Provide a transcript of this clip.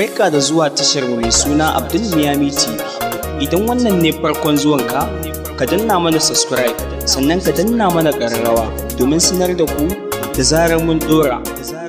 Barka da zuwa tashar mai suna Abdul Miami TV. Idan wannan ne farkon zuwanka, ka danna mana subscribe sannan ka danna mana ƙararrawa domin sanar da ku da zarar mun ɗora.